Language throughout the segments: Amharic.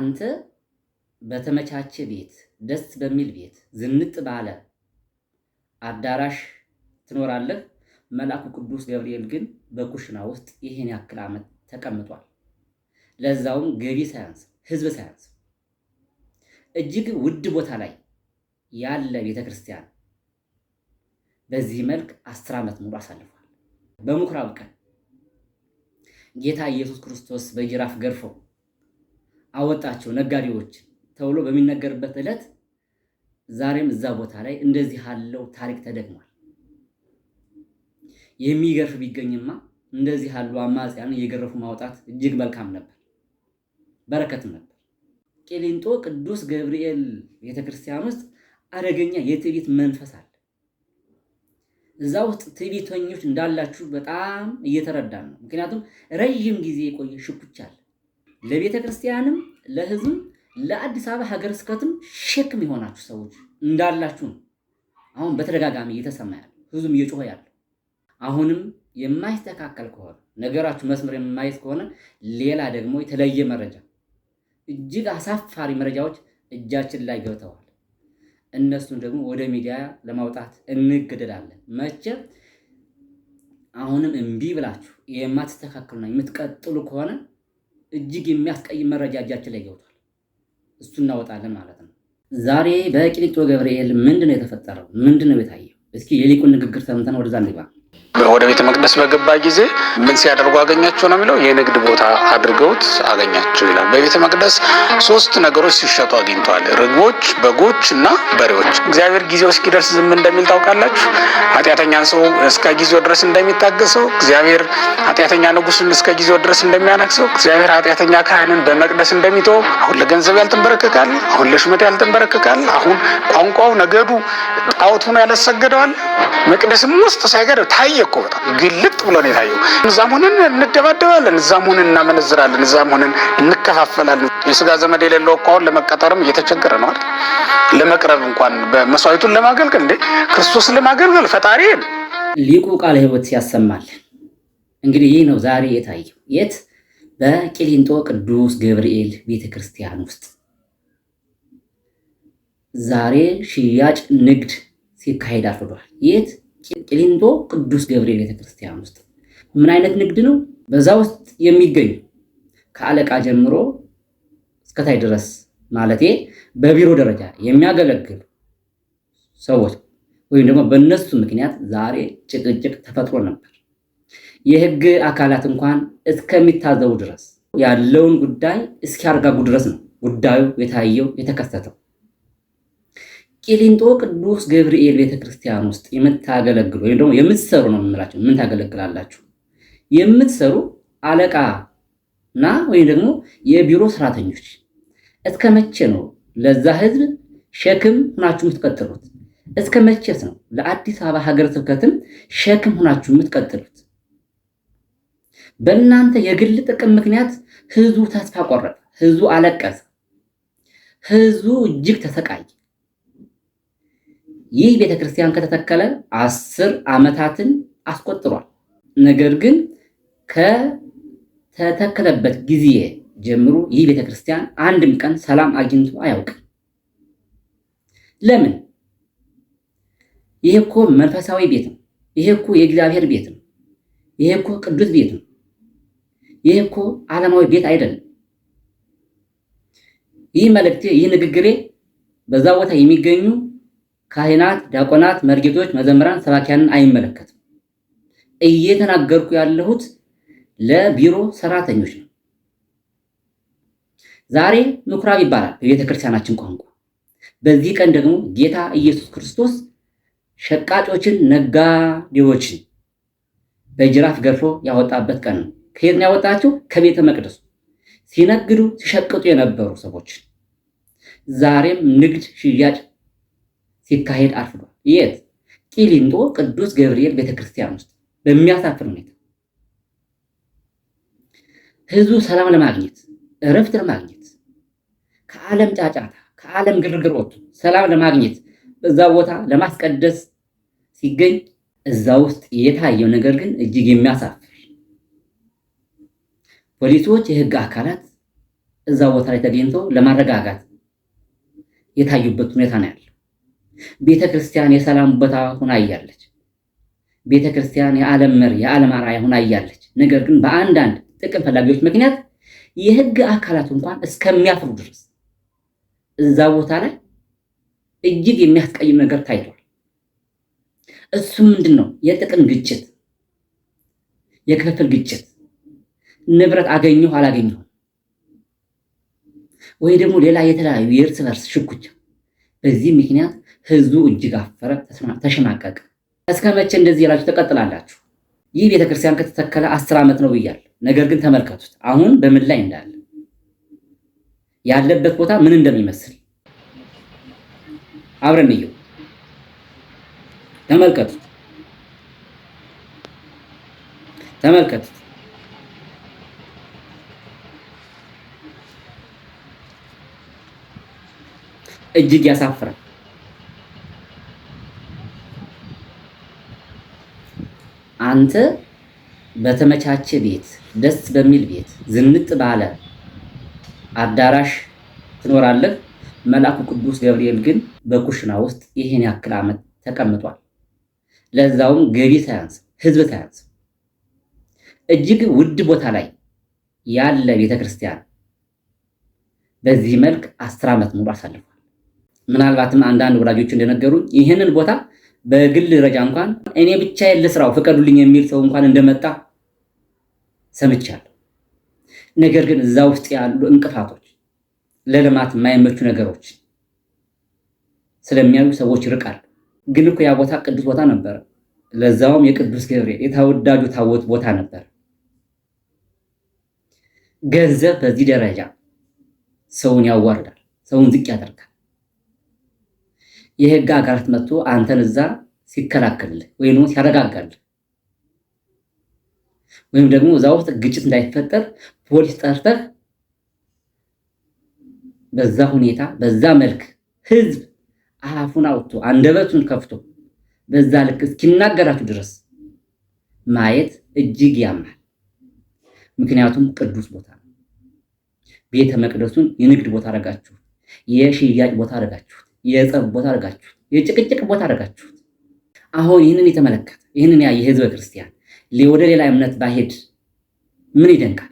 አንተ በተመቻቸ ቤት፣ ደስ በሚል ቤት፣ ዝንጥ ባለ አዳራሽ ትኖራለህ። መልአኩ ቅዱስ ገብርኤል ግን በኩሽና ውስጥ ይህን ያክል ዓመት ተቀምጧል። ለዛውም ገቢ ሳያንስ ህዝብ ሳያንስ እጅግ ውድ ቦታ ላይ ያለ ቤተ ክርስቲያን በዚህ መልክ አስር ዓመት ሙሉ አሳልፏል። በምኩራብ ቀን ጌታ ኢየሱስ ክርስቶስ በጅራፍ ገርፈው አወጣቸው ነጋዴዎች ተብሎ በሚነገርበት ዕለት ዛሬም እዛ ቦታ ላይ እንደዚህ ያለው ታሪክ ተደግሟል። የሚገርፍ ቢገኝማ እንደዚህ ያሉ አማጽያን እየገረፉ ማውጣት እጅግ መልካም ነበር፣ በረከትም ነበር። ቂሊንጦ ቅዱስ ገብርኤል ቤተክርስቲያን ውስጥ አደገኛ የትዕቢት መንፈስ አለ። እዛ ውስጥ ትዕቢተኞች እንዳላችሁ በጣም እየተረዳን ነው። ምክንያቱም ረዥም ጊዜ የቆየ ሽኩቻ አለ። ለቤተ ክርስቲያንም ለህዝብ ለአዲስ አበባ ሀገረ ስብከትም ሸክም የሆናችሁ ሰዎች እንዳላችሁ ነው አሁን በተደጋጋሚ እየተሰማ ያለ ህዝቡም እየጮኸ ያለ። አሁንም የማይስተካከል ከሆነ ነገራችሁ መስመር የማይዝ ከሆነ ሌላ ደግሞ የተለየ መረጃ እጅግ አሳፋሪ መረጃዎች እጃችን ላይ ገብተዋል። እነሱን ደግሞ ወደ ሚዲያ ለማውጣት እንገደዳለን። መቼ አሁንም እምቢ ብላችሁ የማትስተካከሉና የምትቀጥሉ ከሆነ እጅግ የሚያስቀይም መረጃ እጃችን ላይ ገብቷል። እሱ እናወጣለን ማለት ነው። ዛሬ በቂሊንጦ ገብርኤል ምንድን ነው የተፈጠረው? ምንድን ነው የታየው? እስኪ የሊቁን ንግግር ሰምተን ወደዛ እንግባ። ወደ ቤተ መቅደስ በገባ ጊዜ ምን ሲያደርጉ አገኛቸው ነው የሚለው የንግድ ቦታ አድርገውት አገኛቸው ይላል። በቤተ መቅደስ ሶስት ነገሮች ሲሸጡ አግኝተዋል፣ ርግቦች፣ በጎች እና በሬዎች። እግዚአብሔር ጊዜው እስኪደርስ ዝም እንደሚል ታውቃላችሁ። ኃጢአተኛን ሰው እስከ ጊዜው ድረስ እንደሚታገሰው እግዚአብሔር ኃጢአተኛ ንጉስን እስከ ጊዜው ድረስ እንደሚያነግሰው እግዚአብሔር ኃጢአተኛ ካህንን በመቅደስ እንደሚተ አሁን ለገንዘብ ያልተንበረከካል፣ አሁን ለሽመት ያልተንበረከካል፣ አሁን ቋንቋው ነገዱ ሆኖ ያለሰገደዋል መቅደስም ውስጥ ሳይገደብ ታየ ቆየ እኮ በጣም ግልጥ ብሎ ነው የታየው። እዛም ሆነን እንደባደባለን፣ እዛም ሆነን እናመነዝራለን፣ እዛም ሆነን እንከፋፈላለን። የስጋ ዘመድ የሌለው እኮ አሁን ለመቀጠርም እየተቸገረ ነው አይደል? ለመቅረብ እንኳን በመስዋዕቱን ለማገልገል እንዴ ክርስቶስን ለማገልገል ፈጣሪ ሊቁ ቃለ ሕይወት ያሰማል። እንግዲህ ይህ ነው ዛሬ የታየው የት በቂሊንጦ ቅዱስ ገብርኤል ቤተክርስቲያን ውስጥ ዛሬ ሽያጭ ንግድ ሲካሄድ አርፍዷል። የት ቂሊንጦ ቅዱስ ገብርኤል ቤተክርስቲያን ውስጥ ምን አይነት ንግድ ነው? በዛ ውስጥ የሚገኙ ከአለቃ ጀምሮ እስከታይ ድረስ ማለቴ በቢሮ ደረጃ የሚያገለግሉ ሰዎች ወይም ደግሞ በእነሱ ምክንያት ዛሬ ጭቅጭቅ ተፈጥሮ ነበር። የህግ አካላት እንኳን እስከሚታዘቡ ድረስ ያለውን ጉዳይ እስኪያርጋጉ ድረስ ነው ጉዳዩ የታየው የተከሰተው። ቂሊንጦ ቅዱስ ገብርኤል ቤተክርስቲያን ውስጥ የምታገለግሉ ወይም ደግሞ የምትሰሩ ነው የምንላቸው። ምን ታገለግላላችሁ? የምትሰሩ አለቃ እና ወይም ደግሞ የቢሮ ሰራተኞች እስከ መቼ ነው ለዛ ህዝብ ሸክም ሁናችሁ የምትቀጥሉት? እስከ መቼስ ነው ለአዲስ አበባ ሀገረ ስብከትም ሸክም ሁናችሁ የምትቀጥሉት? በእናንተ የግል ጥቅም ምክንያት ህዝቡ ተስፋ ቆረጠ፣ ህዝቡ አለቀሰ፣ ህዝቡ እጅግ ተሰቃየ። ይህ ቤተክርስቲያን ከተተከለ አስር ዓመታትን አስቆጥሯል። ነገር ግን ከተተከለበት ጊዜ ጀምሮ ይህ ቤተክርስቲያን አንድም ቀን ሰላም አግኝቶ አያውቅም። ለምን? ይሄ እኮ መንፈሳዊ ቤት ነው። ይሄ እኮ የእግዚአብሔር ቤት ነው። ይሄ እኮ ቅዱስ ቤት ነው። ይሄ እኮ ዓለማዊ ቤት አይደለም። ይህ መልእክቴ፣ ይህ ንግግሬ በዛ ቦታ የሚገኙ ካህናት፣ ዲያቆናት፣ መርጌቶች፣ መዘምራን፣ ሰባኪያንን አይመለከትም። እየተናገርኩ ያለሁት ለቢሮ ሰራተኞች ነው። ዛሬ ምኩራብ ይባላል በቤተ ክርስቲያናችን ቋንቋ። በዚህ ቀን ደግሞ ጌታ ኢየሱስ ክርስቶስ ሸቃጮችን፣ ነጋዴዎችን በጅራፍ ገርፎ ያወጣበት ቀን ነው። ከየት ነው ያወጣቸው? ከቤተ መቅደሱ ሲነግዱ ሲሸቅጡ የነበሩ ሰዎች ዛሬም ንግድ ሽያጭ ሲካሄድ አርፍዷል። የት? ቂሊንጦ ቅዱስ ገብርኤል ቤተክርስቲያን ውስጥ በሚያሳፍር ሁኔታ ህዝቡ ሰላም ለማግኘት እረፍት ለማግኘት ከዓለም ጫጫታ ከዓለም ግርግር ወጥቶ ሰላም ለማግኘት በዛ ቦታ ለማስቀደስ ሲገኝ እዛ ውስጥ የታየው ነገር ግን እጅግ የሚያሳፍር ፖሊሶች፣ የህግ አካላት እዛ ቦታ ላይ ተገኝተው ለማረጋጋት የታዩበት ሁኔታ ነው ያለው። ቤተ ክርስቲያን የሰላም ቦታ ሆና እያለች፣ ቤተ ክርስቲያን የዓለም መሪ የዓለም አርአያ ሆና እያለች፣ ነገር ግን በአንዳንድ ጥቅም ፈላጊዎች ምክንያት የህግ አካላት እንኳን እስከሚያፍሩ ድረስ እዛ ቦታ ላይ እጅግ የሚያስቀይም ነገር ታይቷል። እሱ ምንድን ነው? የጥቅም ግጭት፣ የክፍፍል ግጭት፣ ንብረት አገኘሁ አላገኘሁም፣ ወይ ደግሞ ሌላ የተለያዩ የእርስ በርስ ሽኩቻ በዚህ ምክንያት ህዝቡ እጅግ አፈረ፣ ተሸማቀቀ። እስከ መቼ እንደዚህ ያላችሁ ተቀጥላላችሁ? ይህ ቤተክርስቲያን ከተተከለ አስር ዓመት ነው ብያል። ነገር ግን ተመልከቱት አሁን በምን ላይ እንዳለ ያለበት ቦታ ምን እንደሚመስል አብረን እየው ተመልከቱት ተመልከቱት። እጅግ ያሳፍራል። አንተ በተመቻቸ ቤት፣ ደስ በሚል ቤት፣ ዝንጥ ባለ አዳራሽ ትኖራለህ። መልአኩ ቅዱስ ገብርኤል ግን በኩሽና ውስጥ ይህን ያክል ዓመት ተቀምጧል። ለዛውም ገቢ ሳያንስ ህዝብ ሳያንስ እጅግ ውድ ቦታ ላይ ያለ ቤተክርስቲያን በዚህ መልክ አስር ዓመት ሙሉ አሳልፏል። ምናልባትም አንዳንድ ወዳጆች እንደነገሩ ይህንን ቦታ በግል ደረጃ እንኳን እኔ ብቻዬን ልስራው ፍቀዱልኝ የሚል ሰው እንኳን እንደመጣ ሰምቻለሁ። ነገር ግን እዛ ውስጥ ያሉ እንቅፋቶች፣ ለልማት የማይመቹ ነገሮች ስለሚያዩ ሰዎች ይርቃል። ግን እኮ ያ ቦታ ቅዱስ ቦታ ነበር። ለዛውም የቅዱስ ገብርኤል የተወዳጁ ታቦት ቦታ ነበር። ገንዘብ በዚህ ደረጃ ሰውን ያዋርዳል፣ ሰውን ዝቅ ያደርጋል። የህግ አካላት መጥቶ አንተን እዛ ሲከላከል ወይም ደግሞ ወይም ደግሞ እዛ ውስጥ ግጭት እንዳይፈጠር ፖሊስ ጠርተህ በዛ ሁኔታ በዛ መልክ ህዝብ አፉን አውጥቶ አንደበቱን ከፍቶ በዛ ልክ እስኪናገራችሁ ድረስ ማየት እጅግ ያማል። ምክንያቱም ቅዱስ ቦታ ነው። ቤተ መቅደሱን የንግድ ቦታ አደረጋችሁ፣ የሽያጭ ቦታ አደረጋችሁት። የጸብ ቦታ አድርጋችሁት፣ የጭቅጭቅ ቦታ አድርጋችሁት። አሁን ይህንን የተመለከተ ይህንን ያየ ህዝበ ክርስቲያን ወደ ሌላ እምነት ባሄድ ምን ይደንቃል?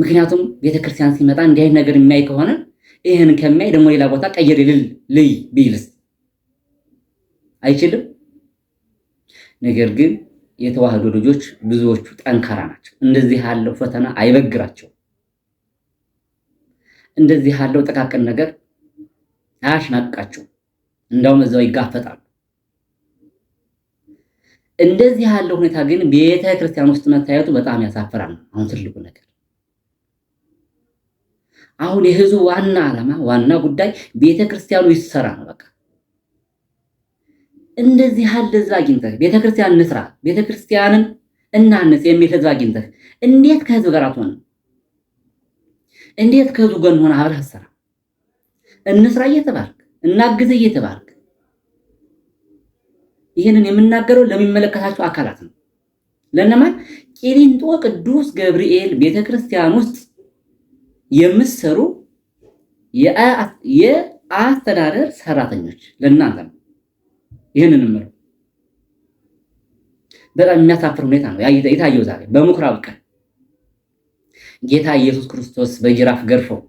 ምክንያቱም ቤተክርስቲያን ሲመጣ እንዲህ አይነት ነገር የሚያይ ከሆነ ይህን ከሚያይ ደግሞ ሌላ ቦታ ቀይር ልል ልይ ቢልስ አይችልም። ነገር ግን የተዋህዶ ልጆች ብዙዎቹ ጠንካራ ናቸው። እንደዚህ ያለው ፈተና አይበግራቸውም። እንደዚህ ያለው ጥቃቅን ነገር አያሽናቃቸው፣ እንዳውም እዛው ይጋፈጣሉ። እንደዚህ ያለው ሁኔታ ግን ቤተ ክርስቲያን ውስጥ መታየቱ በጣም ያሳፍራል። አሁን ትልቁ ነገር አሁን የህዝቡ ዋና ዓላማ ዋና ጉዳይ ቤተ ክርስቲያኑ ይሰራ ነው። በቃ እንደዚህ ያለ ህዝብ አግኝተህ ቤተ ክርስቲያን እንስራ፣ ቤተ ክርስቲያንን እናንስ የሚል ህዝብ አግኝተህ እንዴት ከህዝብ ጋር አትሆንም? እንዴት ከህዝቡ ጎን ሆነ አብረህ አትሰራም? እንስራ እየተባልክ እናግዝ እየተባልክ ይህንን የምናገረው ለሚመለከታቸው አካላት ነው። ለእነማን? ቂሊንጦ ቅዱስ ገብርኤል ቤተክርስቲያን ውስጥ የምትሰሩ የአስተዳደር ሰራተኞች ለእናንተ ነው። ይህንን በጣም የሚያሳፍር ሁኔታ ነው የታየው ዛሬ በምኩራብ ቀን ጌታ ኢየሱስ ክርስቶስ በጅራፍ ገርፈው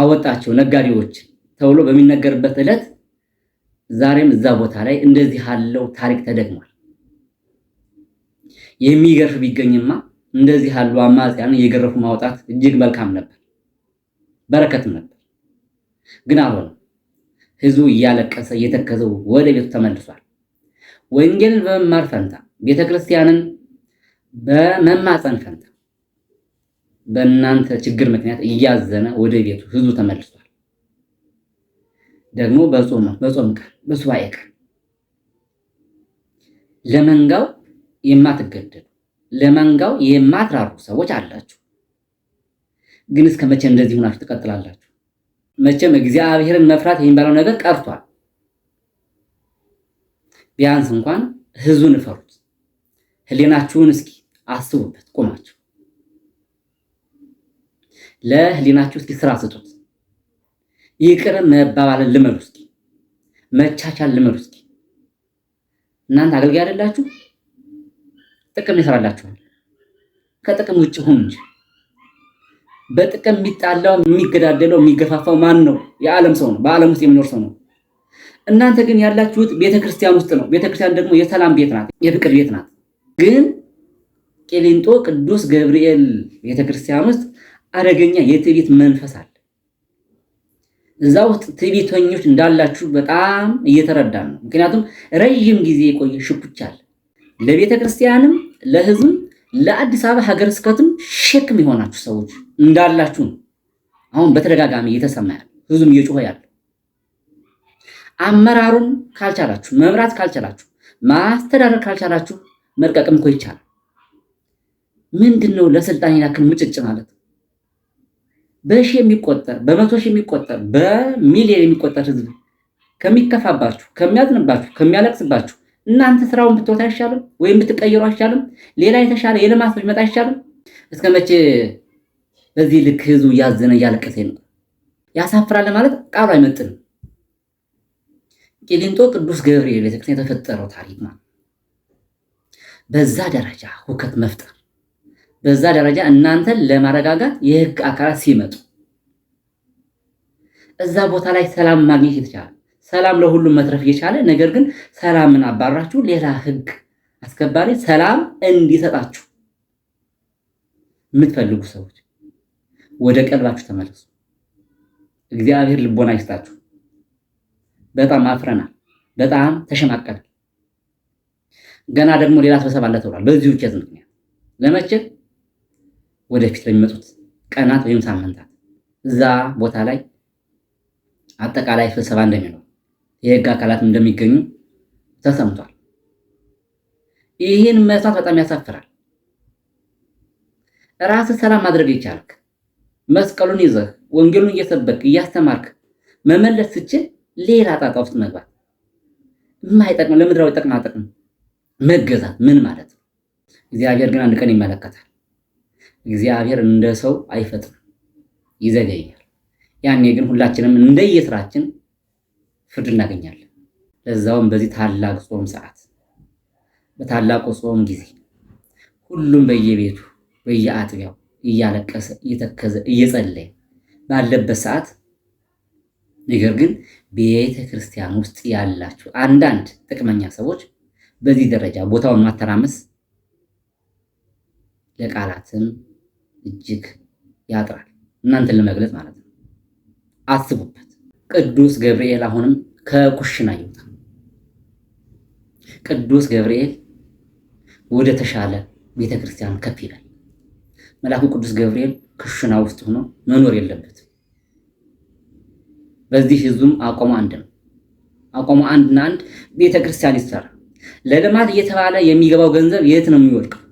አወጣቸው ነጋዴዎች ተብሎ በሚነገርበት ዕለት ዛሬም እዛ ቦታ ላይ እንደዚህ ያለው ታሪክ ተደግሟል። የሚገርፍ ቢገኝማ እንደዚህ ያሉ አማጽያን እየገረፉ ማውጣት እጅግ መልካም ነበር፣ በረከትም ነበር። ግን አልሆነም። ህዝቡ እያለቀሰ እየተከዘው ወደ ቤቱ ተመልሷል። ወንጌልን በመማር ፈንታ ቤተክርስቲያንን በመማፀን ፈንታ በእናንተ ችግር ምክንያት እያዘነ ወደ ቤቱ ህዝቡ ተመልሷል። ደግሞ በጾም በጾም ቀን በሱባኤ ቀን ለመንጋው የማትገደሉ ለመንጋው የማትራሩ ሰዎች አላችሁ። ግን እስከ መቼ እንደዚህ ሆናችሁ ትቀጥላላችሁ? መቼም እግዚአብሔርን መፍራት የሚባለው ነገር ቀርቷል። ቢያንስ እንኳን ህዝቡን እፈሩት። ህሊናችሁን እስኪ አስቡበት ቆማችሁ ለህሊናችሁ እስኪ ስራ ስጡት። ይቅር መባባልን ልመዱ እስኪ፣ መቻቻል ልመዱ እስኪ። እናንተ አገልጋይ አይደላችሁ? ጥቅም ይሰራላችኋል። ከጥቅም ውጭ ሁን እንጂ በጥቅም የሚጣላው የሚገዳደለው የሚገፋፋው ማን ነው? የዓለም ሰው ነው። በዓለም ውስጥ የሚኖር ሰው ነው። እናንተ ግን ያላችሁት ቤተክርስቲያን ውስጥ ነው። ቤተክርስቲያን ደግሞ የሰላም ቤት ናት፣ የፍቅር ቤት ናት። ግን ቂሊንጦ ቅዱስ ገብርኤል ቤተክርስቲያን ውስጥ አደገኛ የትዕቢት መንፈስ አለ። እዛ ውስጥ ትዕቢተኞች እንዳላችሁ በጣም እየተረዳን ነው። ምክንያቱም ረዥም ጊዜ የቆየ ሽኩቻ አለ። ለቤተ ክርስቲያንም፣ ለህዝብም፣ ለአዲስ አበባ ሀገረ ስብከትም ሸክም የሆናችሁ ሰዎች እንዳላችሁ ነው አሁን በተደጋጋሚ እየተሰማ ያለ ህዝብም እየጮኸ ያለ አመራሩን ካልቻላችሁ መምራት ካልቻላችሁ ማስተዳደር ካልቻላችሁ መልቀቅም እኮ ይቻላል። ምንድን ነው ለስልጣን ያክል ምጭጭ ማለት በሺ የሚቆጠር በመቶ ሺ የሚቆጠር በሚሊዮን የሚቆጠር ህዝብ ከሚከፋባችሁ፣ ከሚያዝንባችሁ፣ ከሚያለቅስባችሁ እናንተ ስራውን ብትወት አይሻልም ወይም ብትቀይሩ አይሻልም? ሌላ የተሻለ የልማት መጣ አይሻልም? እስከ መቼ በዚህ ልክ ህዝቡ እያዘነ እያለቀሰ ነው? ያሳፍራል ማለት ቃሉ አይመጥንም። ቂሊንጦ ቅዱስ ገብርኤል ቤተክርስቲያን የተፈጠረው ታሪክ ነው። በዛ ደረጃ ሁከት መፍጠር በዛ ደረጃ እናንተን ለማረጋጋት የህግ አካላት ሲመጡ እዛ ቦታ ላይ ሰላም ማግኘት የተቻለ ሰላም ለሁሉም መትረፍ እየቻለ ነገር ግን ሰላምን አባራችሁ ሌላ ህግ አስከባሪ ሰላም እንዲሰጣችሁ የምትፈልጉ ሰዎች ወደ ቀልባችሁ ተመለሱ። እግዚአብሔር ልቦና ይስጣችሁ። በጣም አፍረናል። በጣም ተሸማቀናል። ገና ደግሞ ሌላ ስብሰባ አለ ተብሏል። በዚሁ ኬዝ ምክንያት ለመቼ ወደፊት በሚመጡት ቀናት ወይም ሳምንታት እዛ ቦታ ላይ አጠቃላይ ስብሰባ እንደሚኖር የህግ አካላት እንደሚገኙ ተሰምቷል። ይህን መስዋት በጣም ያሳፍራል። ራስ ሰላም ማድረግ ይቻልክ መስቀሉን ይዘህ ወንጌሉን እየሰበክ እያስተማርክ መመለስ ስችል ሌላ ጣጣ ውስጥ መግባት የማይጠቅም ለምድራዊ ጥቅማ ጥቅም መገዛት ምን ማለት ነው? እግዚአብሔር ግን አንድ ቀን ይመለከታል። እግዚአብሔር እንደ ሰው አይፈጥንም፣ ይዘገያል። ያኔ ግን ሁላችንም እንደየስራችን ፍርድ እናገኛለን። ለዛውም በዚህ ታላቅ ጾም ሰዓት፣ በታላቁ ጾም ጊዜ ሁሉም በየቤቱ በየአጥቢያው እያለቀሰ እየተከዘ እየጸለየ ባለበት ሰዓት ነገር ግን ቤተ ክርስቲያን ውስጥ ያላችሁ አንዳንድ ጥቅመኛ ሰዎች በዚህ ደረጃ ቦታውን ማተራመስ ለቃላትም እጅግ ያጥራል። እናንተን ለመግለጽ ማለት ነው። አስቡበት። ቅዱስ ገብርኤል አሁንም ከኩሽና ይወጣ። ቅዱስ ገብርኤል ወደ ተሻለ ቤተ ክርስቲያን ከፍ ይላል። መልአኩ ቅዱስ ገብርኤል ኩሽና ውስጥ ሆኖ መኖር የለበትም። በዚህ ህዝቡም አቋሙ አንድ ነው። አቋሙ አንድና አንድ ቤተ ክርስቲያን ይሰራ። ለልማት እየተባለ የሚገባው ገንዘብ የት ነው የሚወድቀው?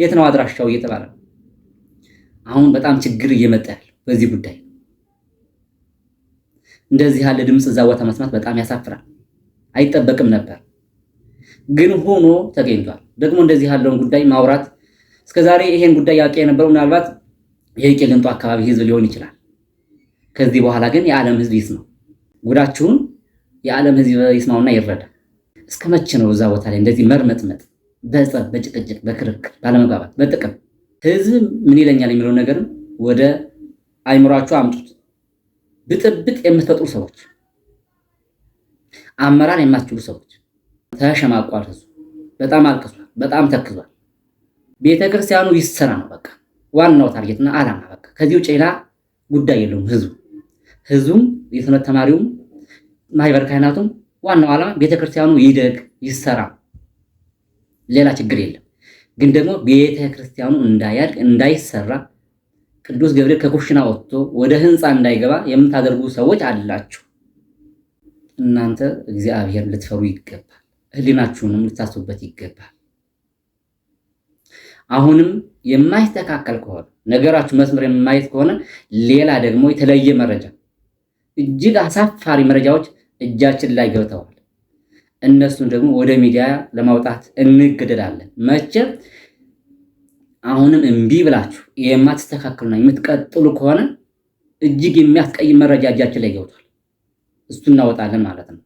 የት ነው አድራሻው እየተባለ ነው አሁን በጣም ችግር እየመጣ ያለው በዚህ ጉዳይ እንደዚህ ያለ ድምፅ እዛ ቦታ መስማት በጣም ያሳፍራል። አይጠበቅም ነበር፣ ግን ሆኖ ተገኝቷል። ደግሞ እንደዚህ ያለውን ጉዳይ ማውራት እስከዛሬ ይሄን ጉዳይ ያውቅ የነበረው ምናልባት የቂሊንጦ አካባቢ ህዝብ ሊሆን ይችላል። ከዚህ በኋላ ግን የዓለም ህዝብ ይስማው፣ ጉዳችሁን የዓለም ህዝብ ይስማውና ይረዳ። እስከ መቼ ነው እዛ ቦታ ላይ እንደዚህ መርመጥመጥ፣ በጸብ፣ በጭቅጭቅ፣ በክርክር፣ ባለመግባባት፣ በጥቅም ህዝብ ምን ይለኛል የሚለው ነገርም ወደ አይምሯችሁ አምጡት። ብጥብጥ የምትፈጥሩ ሰዎች፣ አመራር የማትችሉ ሰዎች ተሸማቋል። ህዝቡ በጣም አልቅሷል፣ በጣም ተክዟል። ቤተክርስቲያኑ ይሰራ ነው በቃ ዋናው ታርጌትና አላማ በቃ ከዚህ ውጭ ሌላ ጉዳይ የለውም። ህዝቡ ህዝቡም የትምህርት ተማሪውም ማህበር ካህናቱም ዋናው ዓላማ ቤተክርስቲያኑ ይደግ ይሰራ፣ ሌላ ችግር የለም። ግን ደግሞ ቤተ ክርስቲያኑ እንዳያድግ እንዳይሰራ ቅዱስ ገብርኤል ከኩሽና ወጥቶ ወደ ህንፃ እንዳይገባ የምታደርጉ ሰዎች አላችሁ። እናንተ እግዚአብሔር ልትፈሩ ይገባል። ሕሊናችሁንም ልታስቡበት ይገባል። አሁንም የማይስተካከል ከሆነ ነገራችሁ መስመር የማየት ከሆነ ሌላ ደግሞ የተለየ መረጃ፣ እጅግ አሳፋሪ መረጃዎች እጃችን ላይ ገብተዋል። እነሱን ደግሞ ወደ ሚዲያ ለማውጣት እንገደዳለን። መቼም አሁንም እምቢ ብላችሁ የማትስተካከሉና የምትቀጥሉ ከሆነ እጅግ የሚያስቀይም መረጃ እጃችን ላይ ገብቷል። እሱ እናወጣለን ማለት ነው።